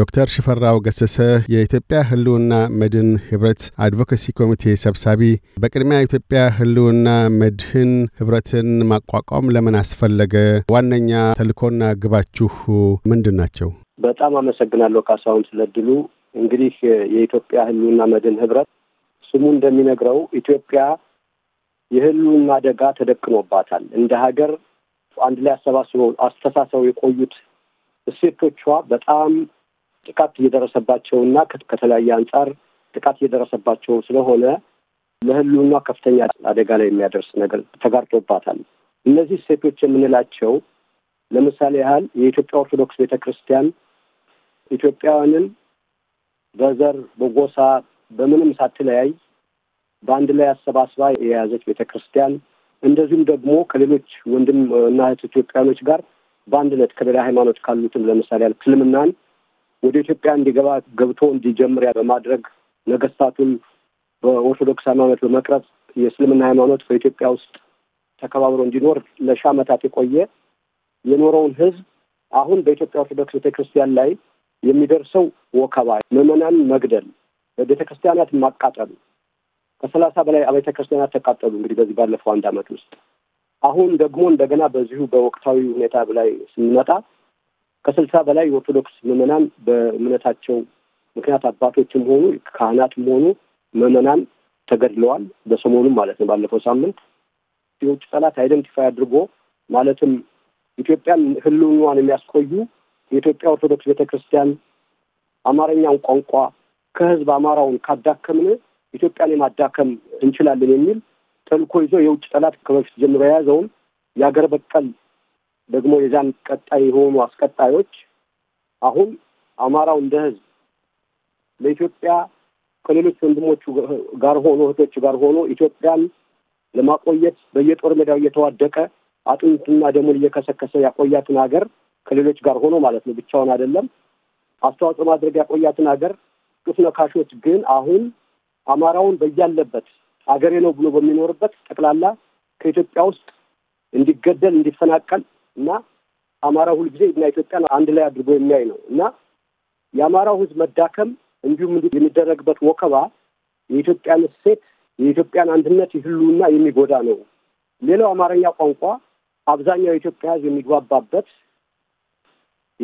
ዶክተር ሽፈራው ገሰሰ የኢትዮጵያ ህልውና መድን ህብረት አድቮኬሲ ኮሚቴ ሰብሳቢ፣ በቅድሚያ ኢትዮጵያ ህልውና መድህን ህብረትን ማቋቋም ለምን አስፈለገ? ዋነኛ ተልእኮና ግባችሁ ምንድን ናቸው? በጣም አመሰግናለሁ ካሳሁን ስለድሉ። እንግዲህ የኢትዮጵያ ህልውና መድን ህብረት ስሙ እንደሚነግረው ኢትዮጵያ የህልውና አደጋ ተደቅኖባታል። እንደ ሀገር አንድ ላይ አሰባስበው አስተሳሰው የቆዩት እሴቶቿ በጣም ጥቃት እየደረሰባቸውና ከተለያየ አንጻር ጥቃት እየደረሰባቸው ስለሆነ ለሕልውና ከፍተኛ አደጋ ላይ የሚያደርስ ነገር ተጋርጦባታል። እነዚህ ሴቶች የምንላቸው ለምሳሌ ያህል የኢትዮጵያ ኦርቶዶክስ ቤተ ክርስቲያን ኢትዮጵያውያንን በዘር በጎሳ በምንም ሳትለያይ በአንድ ላይ አሰባስባ የያዘች ቤተ ክርስቲያን እንደዚሁም ደግሞ ከሌሎች ወንድም እና እህት ኢትዮጵያኖች ጋር በአንድነት ከሌላ ሃይማኖት ካሉትም ለምሳሌ ያህል እስልምናን ወደ ኢትዮጵያ እንዲገባ ገብቶ እንዲጀምር በማድረግ ነገስታቱን በኦርቶዶክስ ሃይማኖት በመቅረጽ የእስልምና ሃይማኖት በኢትዮጵያ ውስጥ ተከባብሮ እንዲኖር ለሺህ ዓመታት የቆየ የኖረውን ህዝብ አሁን በኢትዮጵያ ኦርቶዶክስ ቤተክርስቲያን ላይ የሚደርሰው ወከባ፣ ምዕመናን መግደል፣ ቤተክርስቲያናት ማቃጠሉ ከሰላሳ በላይ አብያተ ክርስቲያናት ተቃጠሉ። እንግዲህ በዚህ ባለፈው አንድ ዓመት ውስጥ አሁን ደግሞ እንደገና በዚሁ በወቅታዊ ሁኔታ ላይ ስንመጣ ከስልሳ በላይ የኦርቶዶክስ ምዕመናን በእምነታቸው ምክንያት አባቶችም ሆኑ ካህናትም ሆኑ ምዕመናን ተገድለዋል። በሰሞኑም ማለት ነው ባለፈው ሳምንት የውጭ ጠላት አይደንቲፋይ አድርጎ ማለትም ኢትዮጵያን ሕልውናዋን የሚያስቆዩ የኢትዮጵያ ኦርቶዶክስ ቤተክርስቲያን አማርኛውን ቋንቋ ከህዝብ አማራውን ካዳከምን ኢትዮጵያን የማዳከም እንችላለን የሚል ተልኮ ይዞ የውጭ ጠላት ከበፊት ጀምሮ የያዘውን የሀገር በቀል ደግሞ የዛን ቀጣይ የሆኑ አስቀጣዮች አሁን አማራው እንደ ህዝብ ለኢትዮጵያ ከሌሎች ወንድሞቹ ጋር ሆኖ እህቶች ጋር ሆኖ ኢትዮጵያን ለማቆየት በየጦር ሜዳው እየተዋደቀ አጥንቱና ደሙን እየከሰከሰ ያቆያትን ሀገር ከሌሎች ጋር ሆኖ ማለት ነው፣ ብቻውን አይደለም አስተዋጽኦ ማድረግ ያቆያትን ሀገር ጡት ነካሾች ግን አሁን አማራውን በያለበት አገሬ ነው ብሎ በሚኖርበት ጠቅላላ ከኢትዮጵያ ውስጥ እንዲገደል፣ እንዲፈናቀል እና አማራ ሁልጊዜ እና ኢትዮጵያን አንድ ላይ አድርጎ የሚያይ ነው እና የአማራው ህዝብ መዳከም እንዲሁም የሚደረግበት ወከባ የኢትዮጵያን እሴት የኢትዮጵያን አንድነት ይህሉና የሚጎዳ ነው። ሌላው አማርኛ ቋንቋ አብዛኛው የኢትዮጵያ ህዝብ የሚግባባበት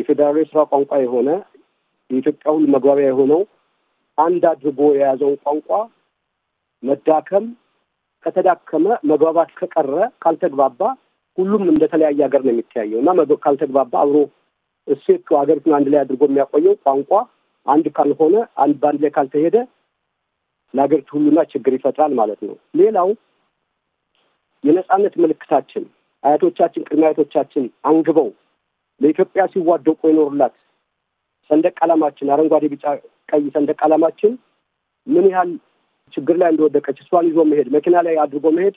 የፌዴራላዊ ስራ ቋንቋ የሆነ የኢትዮጵያ ሁሉ መግባቢያ የሆነው አንድ አድርጎ የያዘውን ቋንቋ መዳከም ከተዳከመ መግባባት ከቀረ ካልተግባባ ሁሉም እንደተለያየ ሀገር ነው የሚተያየው እና ካልተግባባ አብሮ እሴቱ ሀገሪቱን አንድ ላይ አድርጎ የሚያቆየው ቋንቋ አንድ ካልሆነ አንድ በአንድ ላይ ካልተሄደ ለሀገሪቱ ሁሉና ችግር ይፈጥራል ማለት ነው። ሌላው የነጻነት ምልክታችን አያቶቻችን፣ ቅድመ አያቶቻችን አንግበው ለኢትዮጵያ ሲዋደቁ የኖሩላት ሰንደቅ ዓላማችን አረንጓዴ፣ ቢጫ፣ ቀይ ሰንደቅ ዓላማችን ምን ያህል ችግር ላይ እንደወደቀች እሷን ይዞ መሄድ መኪና ላይ አድርጎ መሄድ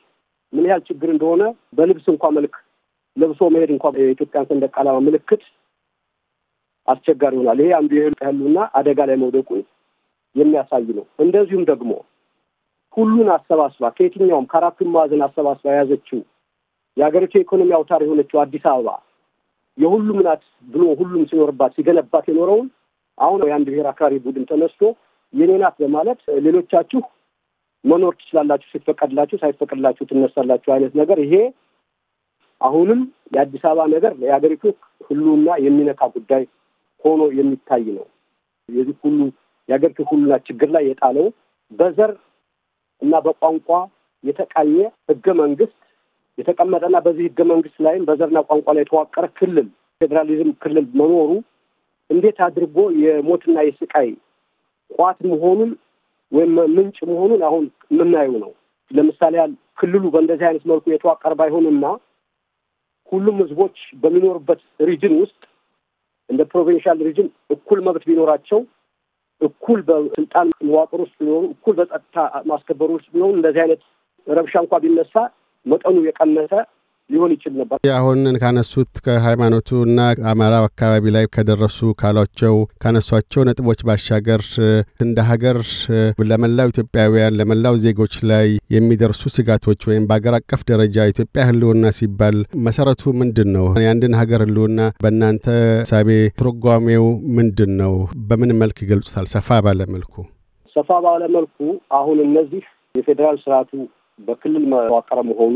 ምን ያህል ችግር እንደሆነ በልብስ እንኳ መልክ ለብሶ መሄድ እንኳ የኢትዮጵያን ሰንደቅ ዓላማ ምልክት አስቸጋሪ ይሆናል። ይሄ አንዱ የህልውና አደጋ ላይ መውደቁን የሚያሳይ ነው። እንደዚሁም ደግሞ ሁሉን አሰባስባ ከየትኛውም ከአራቱ ማዕዘን አሰባስባ የያዘችው የሀገሪቱ የኢኮኖሚ አውታር የሆነችው አዲስ አበባ የሁሉም ናት ብሎ ሁሉም ሲኖርባት ሲገነባት የኖረውን አሁን የአንድ ብሔር አክራሪ ቡድን ተነስቶ የኔ ናት በማለት ሌሎቻችሁ መኖር ትችላላችሁ፣ ሲፈቀድላችሁ፣ ሳይፈቀድላችሁ ትነሳላችሁ አይነት ነገር ይሄ አሁንም የአዲስ አበባ ነገር የሀገሪቱ ሁሉና የሚነካ ጉዳይ ሆኖ የሚታይ ነው። የዚህ ሁሉ የሀገሪቱ ሁሉና ችግር ላይ የጣለው በዘር እና በቋንቋ የተቃኘ ህገ መንግስት የተቀመጠና በዚህ ህገ መንግስት ላይም በዘርና ቋንቋ ላይ የተዋቀረ ክልል ፌዴራሊዝም ክልል መኖሩ እንዴት አድርጎ የሞትና የስቃይ ቋት መሆኑን ወይም ምንጭ መሆኑን አሁን የምናየው ነው። ለምሳሌ ያህል ክልሉ በእንደዚህ አይነት መልኩ የተዋቀረ ባይሆንና ሁሉም ህዝቦች በሚኖርበት ሪጅን ውስጥ እንደ ፕሮቪንሻል ሪጅን እኩል መብት ቢኖራቸው እኩል በስልጣን መዋቅር ውስጥ ቢኖሩ እኩል በጸጥታ ማስከበር ውስጥ ቢኖሩ እንደዚህ አይነት ረብሻ እንኳ ቢነሳ መጠኑ የቀነሰ ሊሆን ይችል ነበር። አሁን ካነሱት ከሃይማኖቱ እና አማራው አካባቢ ላይ ከደረሱ ካሏቸው ካነሷቸው ነጥቦች ባሻገር እንደ ሀገር ለመላው ኢትዮጵያውያን ለመላው ዜጎች ላይ የሚደርሱ ስጋቶች ወይም በሀገር አቀፍ ደረጃ ኢትዮጵያ ህልውና ሲባል መሰረቱ ምንድን ነው? የአንድን ሀገር ህልውና በእናንተ ሳቤ ትርጓሜው ምንድን ነው? በምን መልክ ይገልጹታል? ሰፋ ባለ መልኩ ሰፋ ባለ መልኩ አሁን እነዚህ የፌዴራል ስርዓቱ በክልል መዋቀረ መሆኑ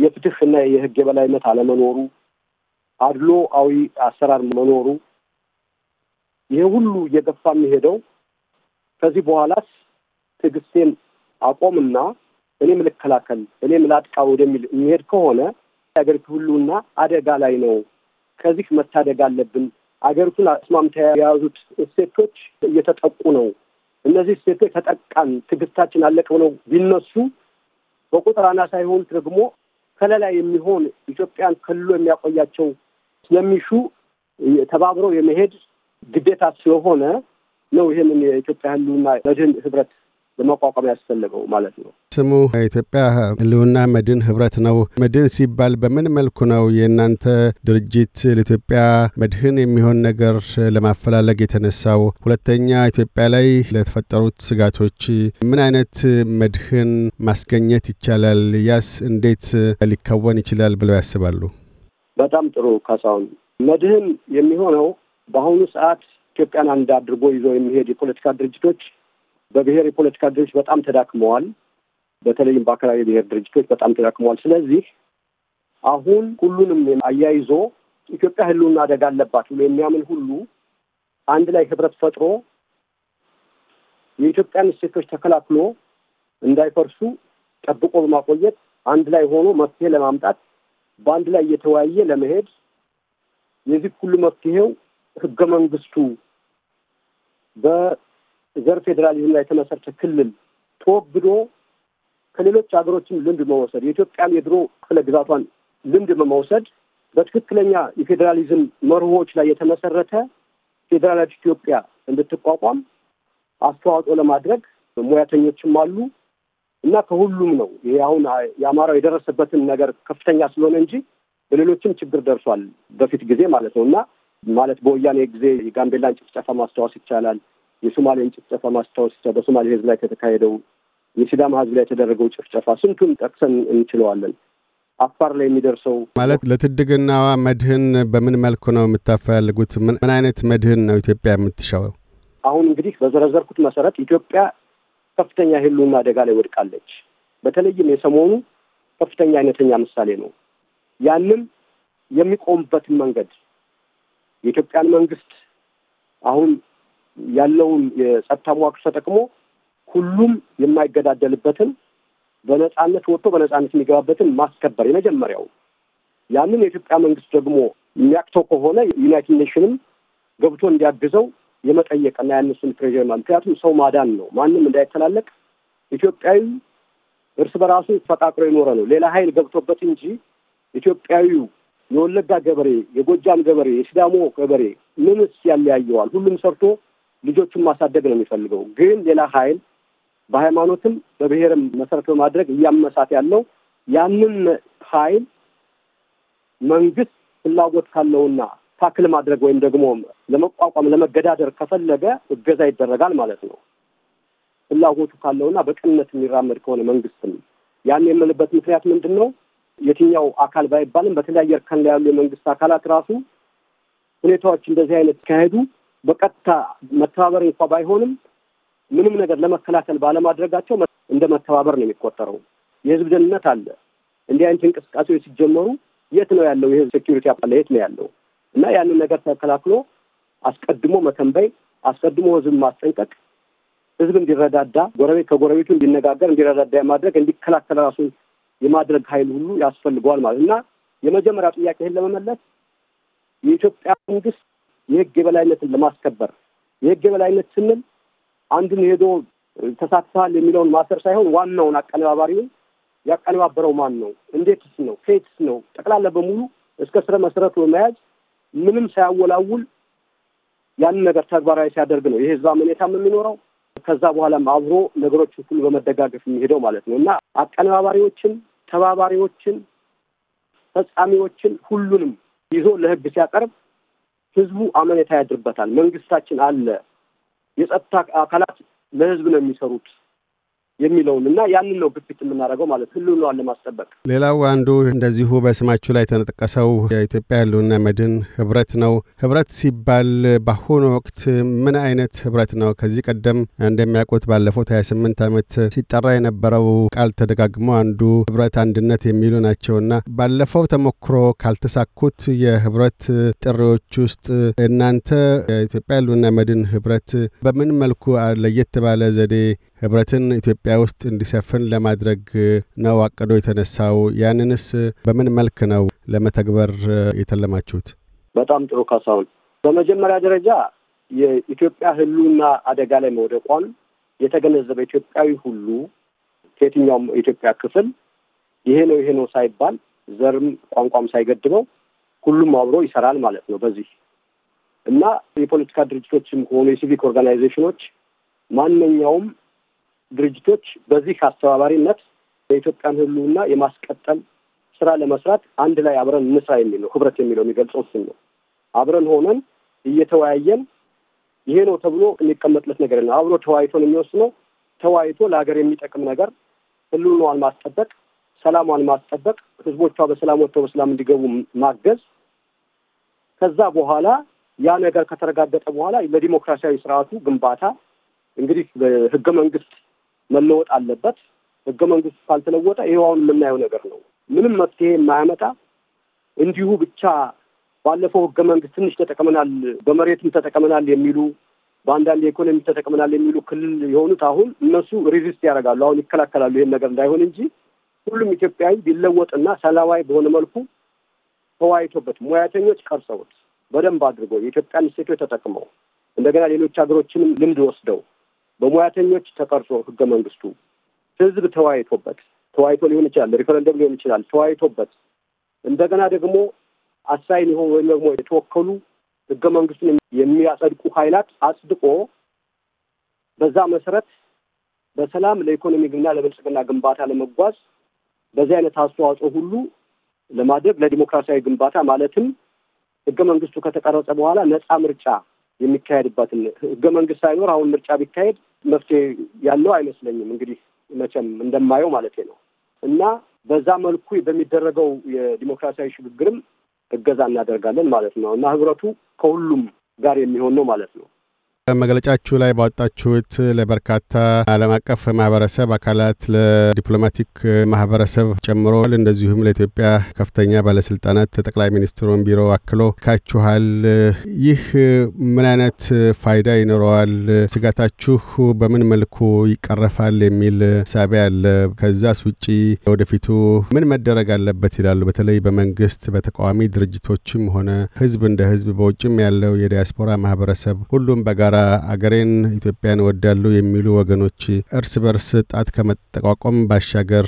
የፍትህ የህግ የበላይነት አለመኖሩ፣ አድሎአዊ አሰራር መኖሩ፣ ይሄ ሁሉ እየገፋ የሚሄደው ከዚህ በኋላስ ትዕግስቴን አቆምና እኔም ልከላከል እኔም ላጥቃ ወደሚል የሚሄድ ከሆነ አገሪቱ ሁሉና አደጋ ላይ ነው። ከዚህ መታደግ አለብን። አገሪቱን አስማምታ የያዙት እሴቶች እየተጠቁ ነው። እነዚህ እሴቶች ተጠቃን፣ ትዕግስታችን አለቀ ብለው ቢነሱ በቁጥር አና የሆኑት ደግሞ ከለላ የሚሆን ኢትዮጵያን ከልሎ የሚያቆያቸው ስለሚሹ ተባብረው የመሄድ ግዴታ ስለሆነ ነው ይህንን የኢትዮጵያ ሕልውና መድህን ህብረት ለመቋቋም ያስፈለገው ማለት ነው። ስሙ የኢትዮጵያ ህልውና መድን ህብረት ነው። መድን ሲባል በምን መልኩ ነው የእናንተ ድርጅት ለኢትዮጵያ መድህን የሚሆን ነገር ለማፈላለግ የተነሳው? ሁለተኛ ኢትዮጵያ ላይ ለተፈጠሩት ስጋቶች ምን አይነት መድህን ማስገኘት ይቻላል? ያስ እንዴት ሊከወን ይችላል ብለው ያስባሉ? በጣም ጥሩ ካሳሁን። መድህን የሚሆነው በአሁኑ ሰዓት ኢትዮጵያን አንድ አድርጎ ይዞ የሚሄድ የፖለቲካ ድርጅቶች በብሔር የፖለቲካ ድርጅት በጣም ተዳክመዋል። በተለይም በአካባቢ ብሔር ድርጅቶች በጣም ተዳክመዋል። ስለዚህ አሁን ሁሉንም አያይዞ ኢትዮጵያ ህልውን አደጋ አለባት ብሎ የሚያምን ሁሉ አንድ ላይ ህብረት ፈጥሮ የኢትዮጵያን እሴቶች ተከላክሎ እንዳይፈርሱ ጠብቆ በማቆየት አንድ ላይ ሆኖ መፍትሄ ለማምጣት በአንድ ላይ እየተወያየ ለመሄድ የዚህ ሁሉ መፍትሄው ህገ መንግስቱ ዘር ፌዴራሊዝም ላይ የተመሰረተ ክልል ተወግዶ ከሌሎች ሀገሮችም ልምድ መወሰድ የኢትዮጵያን የድሮ ክፍለ ግዛቷን ልምድ በመውሰድ በትክክለኛ የፌዴራሊዝም መርሆች ላይ የተመሰረተ ፌዴራላዊ ኢትዮጵያ እንድትቋቋም አስተዋጽኦ ለማድረግ ሙያተኞችም አሉ እና ከሁሉም ነው። ይሄ አሁን የአማራው የደረሰበትን ነገር ከፍተኛ ስለሆነ እንጂ በሌሎችም ችግር ደርሷል በፊት ጊዜ ማለት ነው እና ማለት በወያኔ ጊዜ የጋምቤላን ጭፍጨፋ ማስታወስ ይቻላል። የሶማሌን ጭፍጨፋ ማስታወስ ብቻ በሶማሌ ላይ ከተካሄደው የሲዳማ ህዝብ ላይ የተደረገው ጭፍጨፋ ስንቱን ጠቅሰን እንችለዋለን። አፋር ላይ የሚደርሰው ማለት ለትድግና መድህን በምን መልኩ ነው የምታፈላልጉት? ምን አይነት መድህን ነው ኢትዮጵያ የምትሻው? አሁን እንግዲህ በዘረዘርኩት መሰረት ኢትዮጵያ ከፍተኛ ህልውና አደጋ ላይ ወድቃለች። በተለይም የሰሞኑ ከፍተኛ አይነተኛ ምሳሌ ነው። ያንም የሚቆምበትን መንገድ የኢትዮጵያን መንግስት አሁን ያለውን የጸጥታ መዋቅር ተጠቅሞ ሁሉም የማይገዳደልበትን በነጻነት ወጥቶ በነጻነት የሚገባበትን ማስከበር የመጀመሪያው። ያንን የኢትዮጵያ መንግስት ደግሞ የሚያቅተው ከሆነ ዩናይትድ ኔሽንም ገብቶ እንዲያግዘው የመጠየቅና ያንስን ፕሬር ምክንያቱም ሰው ማዳን ነው። ማንም እንዳይተላለቅ ኢትዮጵያዊ እርስ በራሱ ፈቃቅሮ የኖረ ነው። ሌላ ኃይል ገብቶበት እንጂ ኢትዮጵያዊው የወለጋ ገበሬ፣ የጎጃም ገበሬ፣ የሲዳሞ ገበሬ ምንስ ያለያየዋል? ሁሉም ሰርቶ ልጆቹን ማሳደግ ነው የሚፈልገው። ግን ሌላ ኃይል በሃይማኖትም በብሔርም መሰረት በማድረግ እያመሳት ያለው ያንን ኃይል መንግስት ፍላጎት ካለውና ታክል ማድረግ ወይም ደግሞ ለመቋቋም ለመገዳደር ከፈለገ እገዛ ይደረጋል ማለት ነው። ፍላጎቱ ካለውና በቅንነት የሚራመድ ከሆነ መንግስትም ያን የምልበት ምክንያት ምንድን ነው? የትኛው አካል ባይባልም በተለያየ እርከን ላይ ያሉ የመንግስት አካላት ራሱ ሁኔታዎች እንደዚህ አይነት ሲካሄዱ በቀጥታ መተባበር እንኳ ባይሆንም ምንም ነገር ለመከላከል ባለማድረጋቸው እንደ መተባበር ነው የሚቆጠረው። የህዝብ ደህንነት አለ። እንዲህ አይነት እንቅስቃሴዎች ሲጀመሩ የት ነው ያለው የህዝብ ሴኪሪቲ አለ የት ነው ያለው? እና ያንን ነገር ተከላክሎ አስቀድሞ መተንበይ፣ አስቀድሞ ህዝብ ማስጠንቀቅ፣ ህዝብ እንዲረዳዳ፣ ጎረቤት ከጎረቤቱ እንዲነጋገር፣ እንዲረዳዳ የማድረግ እንዲከላከል ራሱን የማድረግ ኃይል ሁሉ ያስፈልገዋል ማለት እና የመጀመሪያው ይህን ለመመለስ የኢትዮጵያ መንግስት የህግ የበላይነትን ለማስከበር የህግ የበላይነት ስንል አንድን ሄዶ ተሳትፈሃል የሚለውን ማሰር ሳይሆን ዋናውን አቀነባባሪውን ያቀነባበረው ማን ነው? እንዴትስ ነው? ከየትስ ነው? ጠቅላላ በሙሉ እስከ ስረ መሰረቱ በመያዝ ምንም ሳያወላውል ያንን ነገር ተግባራዊ ሲያደርግ ነው የህዝብ አመኔታም የሚኖረው ከዛ በኋላም አብሮ ነገሮች ሁሉ በመደጋገፍ የሚሄደው ማለት ነው እና አቀነባባሪዎችን፣ ተባባሪዎችን፣ ፈጻሚዎችን ሁሉንም ይዞ ለህግ ሲያቀርብ ህዝቡ አመኔታ ያድርበታል። መንግስታችን አለ፣ የጸጥታ አካላት ለህዝብ ነው የሚሰሩት የሚለውን እና ያንን ነው ግፊት የምናደርገው ማለት ህልውናዋን ለማስጠበቅ። ሌላው አንዱ እንደዚሁ በስማችሁ ላይ የተጠቀሰው የኢትዮጵያ ህልውና መድን ህብረት ነው። ህብረት ሲባል በአሁኑ ወቅት ምን አይነት ህብረት ነው? ከዚህ ቀደም እንደሚያውቁት ባለፉት ሀያ ስምንት ዓመት ሲጠራ የነበረው ቃል ተደጋግሞ አንዱ ህብረት አንድነት የሚሉ ናቸው እና ባለፈው ተሞክሮ ካልተሳኩት የህብረት ጥሪዎች ውስጥ እናንተ የኢትዮጵያ ህልውና መድን ህብረት በምን መልኩ ለየት ባለ ዘዴ ህብረትን ኢትዮጵያ ውስጥ እንዲሰፍን ለማድረግ ነው አቅዶ የተነሳው። ያንንስ በምን መልክ ነው ለመተግበር የተለማችሁት? በጣም ጥሩ ካሳሁን፣ በመጀመሪያ ደረጃ የኢትዮጵያ ህልውና አደጋ ላይ መውደቋን የተገነዘበ ኢትዮጵያዊ ሁሉ ከየትኛውም የኢትዮጵያ ክፍል ይሄ ነው ይሄ ነው ሳይባል ዘርም ቋንቋም ሳይገድበው ሁሉም አብሮ ይሰራል ማለት ነው። በዚህ እና የፖለቲካ ድርጅቶችም ከሆኑ የሲቪክ ኦርጋናይዜሽኖች ማንኛውም ድርጅቶች በዚህ አስተባባሪነት የኢትዮጵያን ሕልውና የማስቀጠል ስራ ለመስራት አንድ ላይ አብረን እንስራ የሚለው ህብረት የሚለው የሚገልጸው ስም ነው። አብረን ሆነን እየተወያየን ይሄ ነው ተብሎ የሚቀመጥለት ነገር ነው። አብሮ ተወያይቶን የሚወስነው ተወያይቶ ለሀገር የሚጠቅም ነገር ሕልውናዋን ማስጠበቅ፣ ሰላሟን ማስጠበቅ፣ ህዝቦቿ በሰላም ወጥተው በሰላም እንዲገቡ ማገዝ ከዛ በኋላ ያ ነገር ከተረጋገጠ በኋላ ለዲሞክራሲያዊ ስርዓቱ ግንባታ እንግዲህ በህገ መንግስት መለወጥ አለበት። ህገ መንግስት ካልተለወጠ ይኸው አሁን የምናየው ነገር ነው። ምንም መፍትሄ የማያመጣ እንዲሁ ብቻ ባለፈው ህገ መንግስት ትንሽ ተጠቅመናል፣ በመሬትም ተጠቅመናል የሚሉ በአንዳንድ የኢኮኖሚ ተጠቅመናል የሚሉ ክልል የሆኑት አሁን እነሱ ሪዚስት ያደርጋሉ፣ አሁን ይከላከላሉ ይህን ነገር እንዳይሆን እንጂ ሁሉም ኢትዮጵያዊ ቢለወጥና ሰላማዊ በሆነ መልኩ ተወያይቶበት ሙያተኞች ቀርጸውት በደንብ አድርገው የኢትዮጵያን ሴቶች ተጠቅመው እንደገና ሌሎች ሀገሮችንም ልምድ ወስደው በሙያተኞች ተቀርጾ ህገ መንግስቱ ህዝብ ተወያይቶበት ተወያይቶ ሊሆን ይችላል፣ ሪፈረንደም ሊሆን ይችላል። ተወያይቶበት እንደገና ደግሞ አሳይን የሆኑ ወይም ደግሞ የተወከሉ ህገ መንግስቱን የሚያጸድቁ ኃይላት አጽድቆ በዛ መሰረት በሰላም ለኢኮኖሚ ግና ለብልጽግና ግንባታ ለመጓዝ በዚህ አይነት አስተዋጽኦ ሁሉ ለማድረግ ለዲሞክራሲያዊ ግንባታ ማለትም ህገ መንግስቱ ከተቀረጸ በኋላ ነፃ ምርጫ የሚካሄድበትን ህገ መንግስት ሳይኖር አሁን ምርጫ ቢካሄድ መፍትሄ ያለው አይመስለኝም። እንግዲህ መቼም እንደማየው ማለት ነው እና በዛ መልኩ በሚደረገው የዲሞክራሲያዊ ሽግግርም እገዛ እናደርጋለን ማለት ነው እና ህብረቱ ከሁሉም ጋር የሚሆን ነው ማለት ነው። መግለጫችሁ ላይ ባወጣችሁት ለበርካታ ዓለም አቀፍ ማህበረሰብ አካላት ለዲፕሎማቲክ ማህበረሰብ ጨምሮ እንደዚሁም ለኢትዮጵያ ከፍተኛ ባለስልጣናት ጠቅላይ ሚኒስትሩን ቢሮ አክሎ ካችኋል። ይህ ምን አይነት ፋይዳ ይኖረዋል? ስጋታችሁ በምን መልኩ ይቀረፋል? የሚል ሳቢያ አለ። ከዛስ ውጪ ወደፊቱ ምን መደረግ አለበት ይላሉ። በተለይ በመንግስት በተቃዋሚ ድርጅቶችም ሆነ ህዝብ እንደ ህዝብ በውጭም ያለው የዲያስፖራ ማህበረሰብ ሁሉም በጋራ ጋር አገሬን ኢትዮጵያን ወዳሉ የሚሉ ወገኖች እርስ በርስ ጣት ከመጠቋቋም ባሻገር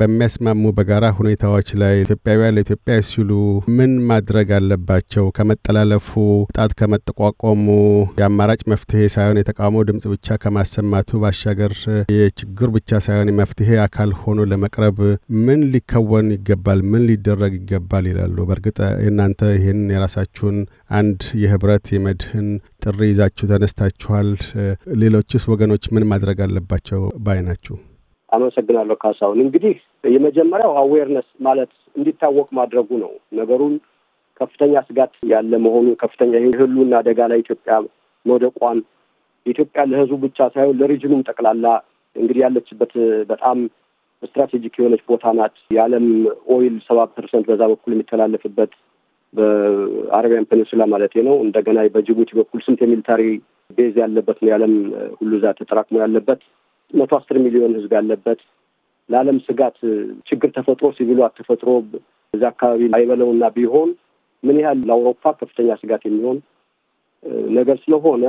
በሚያስማሙ በጋራ ሁኔታዎች ላይ ኢትዮጵያውያን ለኢትዮጵያ ሲሉ ምን ማድረግ አለባቸው? ከመጠላለፉ ጣት ከመጠቋቋሙ የአማራጭ መፍትሄ ሳይሆን የተቃውሞ ድምጽ ብቻ ከማሰማቱ ባሻገር የችግር ብቻ ሳይሆን የመፍትሄ አካል ሆኖ ለመቅረብ ምን ሊከወን ይገባል? ምን ሊደረግ ይገባል ይላሉ። በእርግጥ እናንተ ይህን የራሳችሁን አንድ የህብረት የመድህን ጥሪ ይዛችሁ ተነስታችኋል። ሌሎችስ ወገኖች ምን ማድረግ አለባቸው ባይ ናችሁ? አመሰግናለሁ ካሳሁን። እንግዲህ የመጀመሪያው አዌርነስ ማለት እንዲታወቅ ማድረጉ ነው። ነገሩን ከፍተኛ ስጋት ያለ መሆኑ ከፍተኛ የህልውና አደጋ ላይ ኢትዮጵያ መውደቋን ኢትዮጵያ ለህዝቡ ብቻ ሳይሆን ለሪጅኑም ጠቅላላ እንግዲህ ያለችበት በጣም ስትራቴጂክ የሆነች ቦታ ናት። የዓለም ኦይል ሰባ ፐርሰንት በዛ በኩል የሚተላለፍበት በአረቢያን ፔኒንሱላ ማለት ነው። እንደገና በጅቡቲ በኩል ስንት የሚሊታሪ ቤዝ ያለበት ነው? የዓለም ሁሉ እዛ ተጠራቅሞ ያለበት መቶ አስር ሚሊዮን ህዝብ ያለበት ለዓለም ስጋት ችግር ተፈጥሮ ሲቪሉ ተፈጥሮ እዛ አካባቢ አይበለውና ቢሆን ምን ያህል ለአውሮፓ ከፍተኛ ስጋት የሚሆን ነገር ስለሆነ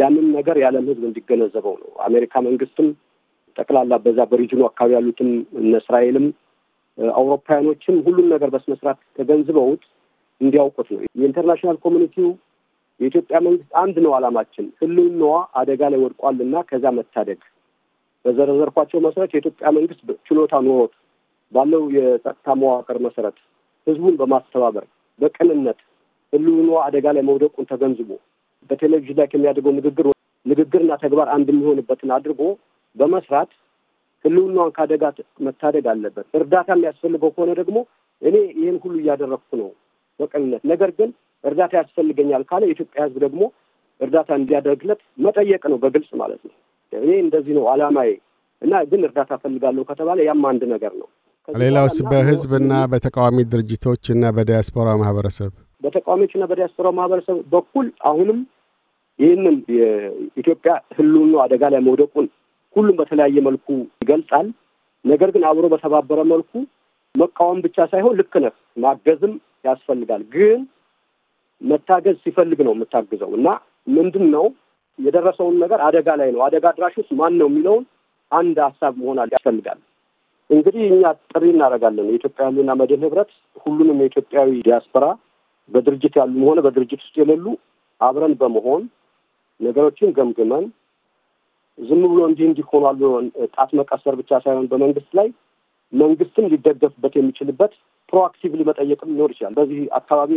ያንን ነገር የዓለም ህዝብ እንዲገነዘበው ነው። አሜሪካ መንግስትም ጠቅላላ በዛ በሪጅኑ አካባቢ ያሉትም እነ እስራኤልም አውሮፓውያኖችም ሁሉም ነገር በስነስርዓት ተገንዝበውት እንዲያውቁት ነው። የኢንተርናሽናል ኮሚኒቲው የኢትዮጵያ መንግስት አንድ ነው ዓላማችን፣ ህልውናዋ አደጋ ላይ ወድቋል ከዛ መታደግ በዘረዘርኳቸው መሰረት የኢትዮጵያ መንግስት ችሎታ ኖሮት ባለው የጸጥታ መዋቅር መሰረት ህዝቡን በማስተባበር በቅንነት ህልውናዋ አደጋ ላይ መውደቁን ተገንዝቦ በቴሌቪዥን ላይ ከሚያደርገው ንግግር ንግግርና ተግባር አንድ የሚሆንበትን አድርጎ በመስራት ህልውናዋን ከአደጋ መታደግ አለበት። እርዳታ የሚያስፈልገው ከሆነ ደግሞ እኔ ይህን ሁሉ እያደረግኩ ነው በቅንነት ነገር ግን እርዳታ ያስፈልገኛል ካለ የኢትዮጵያ ህዝብ ደግሞ እርዳታ እንዲያደርግለት መጠየቅ ነው፣ በግልጽ ማለት ነው። እኔ እንደዚህ ነው አላማዬ እና ግን እርዳታ ፈልጋለሁ ከተባለ ያም አንድ ነገር ነው። ሌላውስ በህዝብና በተቃዋሚ ድርጅቶች እና በዲያስፖራ ማህበረሰብ በተቃዋሚዎችና በዲያስፖራ ማህበረሰብ በኩል አሁንም ይህንን የኢትዮጵያ ህልውና አደጋ ላይ መውደቁን ሁሉም በተለያየ መልኩ ይገልጻል። ነገር ግን አብሮ በተባበረ መልኩ መቃወም ብቻ ሳይሆን ልክ ነህ ማገዝም ያስፈልጋል። ግን መታገዝ ሲፈልግ ነው የምታግዘው እና ምንድን ነው የደረሰውን ነገር አደጋ ላይ ነው አደጋ አድራሽ ውስጥ ማን ነው የሚለውን አንድ ሀሳብ መሆን ያስፈልጋል። እንግዲህ እኛ ጥሪ እናደርጋለን። የኢትዮጵያ መድን ህብረት ሁሉንም የኢትዮጵያዊ ዲያስፖራ በድርጅት ያሉም ሆነ በድርጅት ውስጥ የሌሉ አብረን በመሆን ነገሮችን ገምግመን ዝም ብሎ እንዲህ እንዲህ ጣት መቀሰር ብቻ ሳይሆን በመንግስት ላይ መንግስትም ሊደገፍበት የሚችልበት ፕሮአክቲቭሊ መጠየቅም ሊኖር ይችላል። በዚህ አካባቢ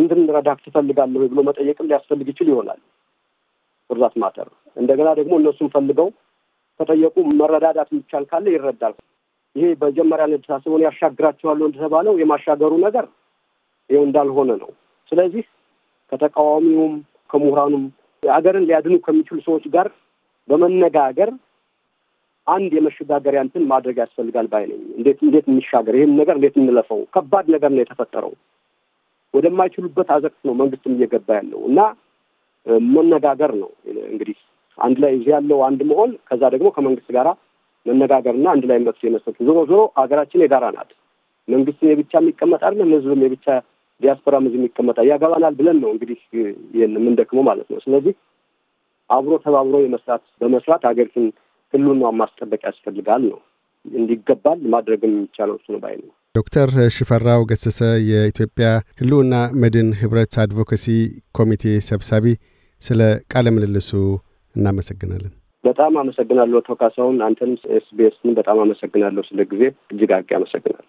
እንድንረዳህ ትፈልጋለሁ ብሎ መጠየቅም ሊያስፈልግ ይችል ይሆናል። ብዛት ማተር እንደገና ደግሞ እነሱም ፈልገው ከጠየቁ መረዳዳት የሚቻል ካለ ይረዳል። ይሄ በጀመሪያ ነድሳስበን ያሻግራቸዋለሁ እንደተባለው የማሻገሩ ነገር ይኸው እንዳልሆነ ነው። ስለዚህ ከተቃዋሚውም ከምሁራኑም ሀገርን ሊያድኑ ከሚችሉ ሰዎች ጋር በመነጋገር አንድ የመሸጋገሪያ እንትን ማድረግ ያስፈልጋል ባይ ነኝ። እንዴት እንዴት እንሻገር? ይህን ነገር እንዴት እንለፈው? ከባድ ነገር ነው የተፈጠረው። ወደማይችሉበት አዘቅት ነው መንግስትም እየገባ ያለው እና መነጋገር ነው እንግዲህ አንድ ላይ እዚህ ያለው አንድ መሆን፣ ከዛ ደግሞ ከመንግስት ጋር መነጋገርና አንድ ላይ መፍትሄ መስጠት። ዞሮ ዞሮ ሀገራችን የጋራ ናት። መንግስትም የብቻ የሚቀመጥ አይደለም፣ ህዝብም የብቻ ዲያስፖራ ምዝ የሚቀመጣ ያገባናል ብለን ነው እንግዲህ ይህን የምንደክመው ማለት ነው። ስለዚህ አብሮ ተባብሮ የመስራት በመስራት ሀገሪቱን ህልውናውን ማስጠበቅ ያስፈልጋል ነው እንዲገባል ማድረግም የሚቻለው እሱ ነው ባይ ነው። ዶክተር ሽፈራው ገሰሰ የኢትዮጵያ ህልውና መድን ህብረት አድቮኬሲ ኮሚቴ ሰብሳቢ፣ ስለ ቃለ ምልልሱ እናመሰግናለን። በጣም አመሰግናለሁ አቶ ካሳሁን። አንተንም ኤስቢኤስን በጣም አመሰግናለሁ ስለ ጊዜ እጅግ አድርጌ አመሰግናለሁ።